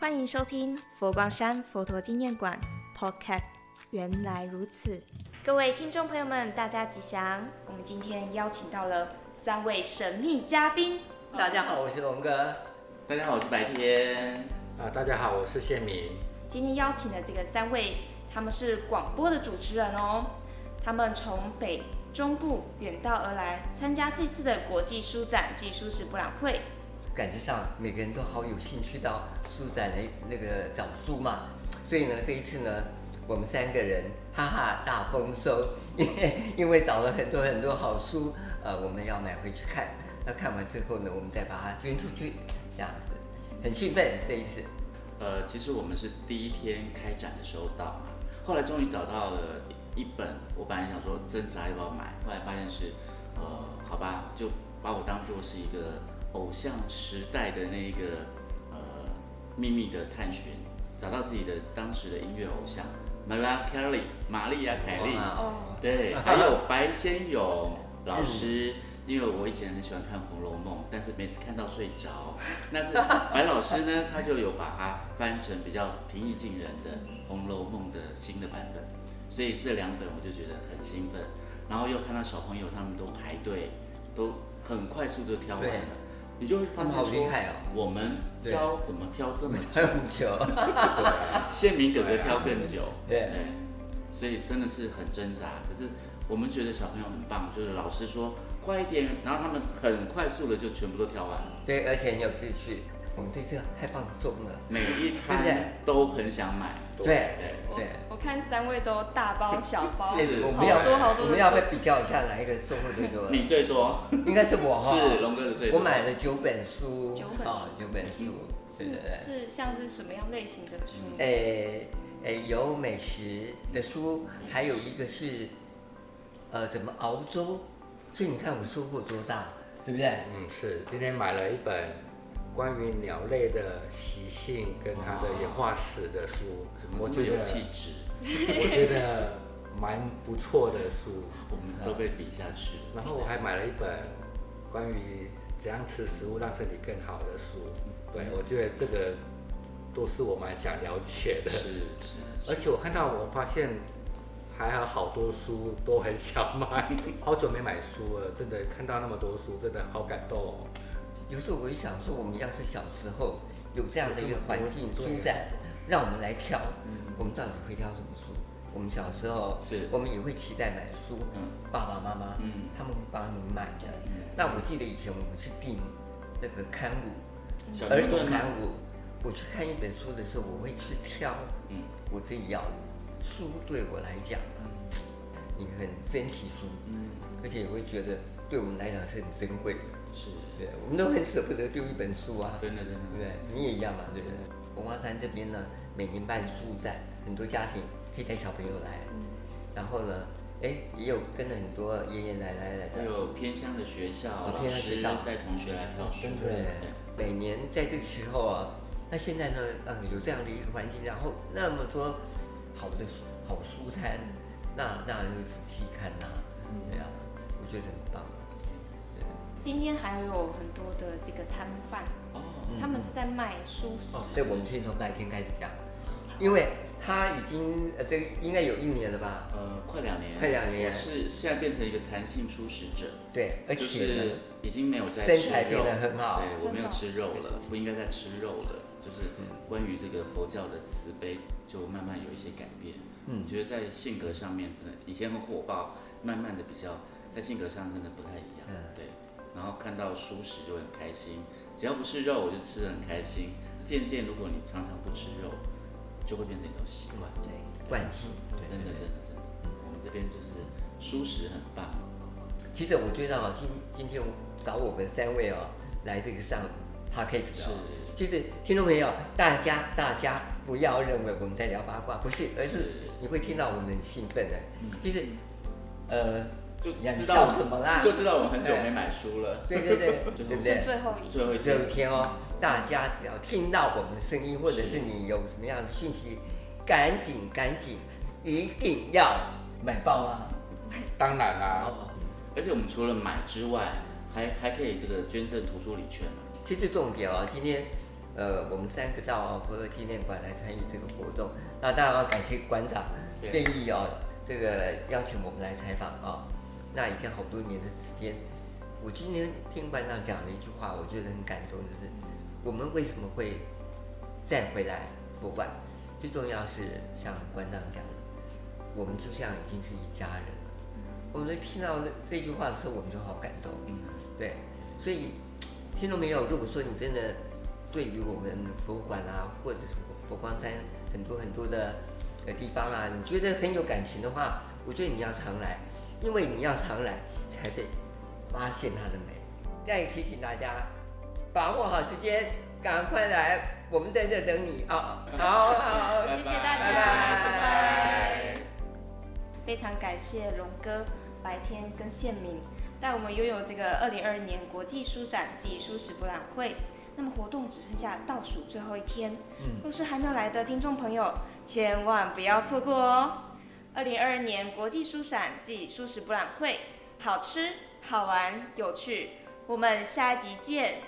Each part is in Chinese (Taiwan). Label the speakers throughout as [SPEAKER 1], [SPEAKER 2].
[SPEAKER 1] 歡迎收聽佛光山佛陀紀念館 Podcast，原來如此。各位聽眾朋友們，大家吉祥！我們今天邀請到了三位神秘嘉賓、哦。大家好，我
[SPEAKER 2] 是龍哥。大家好，我是白天、啊。大家好，我是謝明。
[SPEAKER 1] 今天邀請的這個三位，他們是廣播的主持人哦。他們從北中部遠道而來，參加這次的國際書展暨蔬食博覽會。
[SPEAKER 2] 感覺上每個人都好有興趣到書展來那個找書嘛，所以呢，這一次呢，我們三個人哈哈大豐收，因為，因為找了很多很多好書，呃，我們要買回去看。那看完之後呢，我們再把它捐出去，這樣子很興奮這
[SPEAKER 3] 一次。呃，其實我們是第一天開展的時候到嘛，後來終於找到了一本，我本來想說掙扎要不要買，後來發現是呃好吧，就把我當作是一個。偶像時代的那個呃祕密的探尋，找到自己的當時的音樂偶像 Mariah Carey 瑪麗亞·凱、oh. 莉，oh. Oh. 對，oh. 還有白先勇老師，oh. 因為我以前很喜歡看《紅樓夢》，嗯、但是每次看到睡着，那是白老師呢， 他就有把它翻成比較平易近人的《紅樓夢》的新的版本，所以這兩本我就覺得很興奮，然後又看到小朋友他們都排隊，都很快速的挑完了。 你就會發現好厲害哦，我們挑怎麼挑這
[SPEAKER 2] 麼久？嗯哦、對，憲明 哥哥挑更久，對，
[SPEAKER 3] 所以真的是很掙扎。可是我們覺得小朋友很棒，就是老師說快一點，然後他們很快速的就全部都挑完了。對，而且你有秩序。
[SPEAKER 2] 我們這次太放鬆
[SPEAKER 3] 了，每一攤都很想買。
[SPEAKER 2] 對對對，對
[SPEAKER 1] 我，我看三位都大
[SPEAKER 3] 包小包，好多好多。我們要不
[SPEAKER 2] 比較一下，來一個收穫最多。你最多，應該是我哈。是龍、哦、哥的最多。我買了九本書、哦。九本啊，九本書，是的。是
[SPEAKER 1] 像是什麼樣類型的書？
[SPEAKER 2] 誒、欸、誒、欸，有美食的書，還有一個是呃怎麼熬粥，所以你看我收穫多大，對不對？嗯，是。今天買了一本。關於鳥類的習
[SPEAKER 3] 性跟它的演化史的書的，我覺得 我覺得蠻不錯的書。我們都被比下去。然後我還買了一本關於怎樣吃食物讓身體更好的書。嗯、對，對我覺得這個都是我蠻想了解的。是是，啊是啊。而且我看到，我發現
[SPEAKER 2] 還有好，好多書都很想買。好久沒買書了，真的看到那麼多書，真的好感動，哦。有時候我就想說，我們要是小時候有這樣的一個環境書展，讓我們來跳，我們到底會挑什麼書？我們小時候，我們也會期待買書，爸爸媽媽他們會幫你買的。那我記得以前我們是訂那個刊物，兒童刊物。我去看一本書的時候，我會去挑，我自己要的書。對我來講，你很珍惜書，而且也會覺得對我們來講是很珍貴的。是。對，我們都很捨不得丟一本書啊，真的真的，對你也一樣嘛，對不對？文化山這邊呢，每年辦書展，很多家庭可以帶小朋友來，嗯、然後呢，哎、欸，也有跟了很多爺爺奶奶來，有偏
[SPEAKER 3] 鄉的學校偏鄉學校，帶、啊、同學來挑書，對，
[SPEAKER 2] 每年在這個時候啊，那現在呢，嗯，有這樣的一個環境，然後那麼多好的好蔬菜那讓人仔細看吶、啊嗯，對啊，我覺得很棒。
[SPEAKER 1] 今天還有很多的這個攤販、哦，他們是在賣蔬食。哦、
[SPEAKER 2] 所以我們先從白天開始講，因為他已經呃，這應該有一年了吧？呃、嗯，快兩年，快兩年，我是現在變成一個彈性蔬食者，對，而且、就是、已經沒有在吃肉，身材變得很好。對，我沒有吃
[SPEAKER 3] 肉了，不應該再吃肉了，就是關於這個佛教的慈悲，就慢慢有一些改變。嗯，覺得在性格上面真的以前很火爆，慢慢的比較在性格上真的不太一樣，嗯，對。然後看到蔬食就很開心，只要不是肉，我就吃的很開心。漸漸，如果你常常不吃肉，就會變成一種習慣。對，慣性。對，對真，真的是，
[SPEAKER 2] 我們這邊就是蔬食很棒，嗯。其實我覺得啊，今今天找我們三位哦來這個上 podcast 啊，就是其實聽到沒有，大家大家不要認為我們在聊八卦，不是，而是你會聽到我們很興奮的，就是，是，是呃。就知道你什麼啦，就知道我們很久沒買書了。對對對， 對不對？是最……最後一天。最後一天哦，大家只要聽到我們的聲音，或者是你有什麼樣的訊息，趕緊趕緊，一定要買報啊！
[SPEAKER 3] 當然啦，啊，而且我們除了買之外，還
[SPEAKER 2] 還可以這個捐贈圖書禮券。這是重點哦。今天，呃，我們三個到伯樂紀念館來參與這個活動，那大家要感謝館長願意哦，這個邀請我們來採訪哦。那已經好多年的時間，我今天聽館長講了一句話，我覺得很感動，就是我們為什麼會再回來佛館？最重要是像館長講的，我們就像已經是一家人了。我們在聽到這這句話的時候，我們就好感動。對，所以聽到沒有？如果說你真的對於我們佛館啊，或者是佛光山很多很多的呃地方啊，你覺得很有感情的話，我覺得你要常來。因為你要常來，才得發現它的美。再提醒大家，把握好時間，趕快來，我們在這等你啊、哦！好好，好拜拜，謝謝大家，拜
[SPEAKER 3] 拜。拜拜。
[SPEAKER 1] 非常感謝龍哥白天跟憲明帶我們擁有這個二零二二年國際書展暨蔬食博覽會。那麼活動只剩下倒數最後一天，嗯，若是還沒有來的聽眾朋友，千萬不要錯過哦。二零二二年國際書展暨蔬食博覽會，好吃好玩有趣，我們下一集見！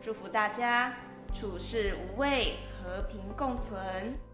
[SPEAKER 1] 祝福大家處事無畏，和平共存。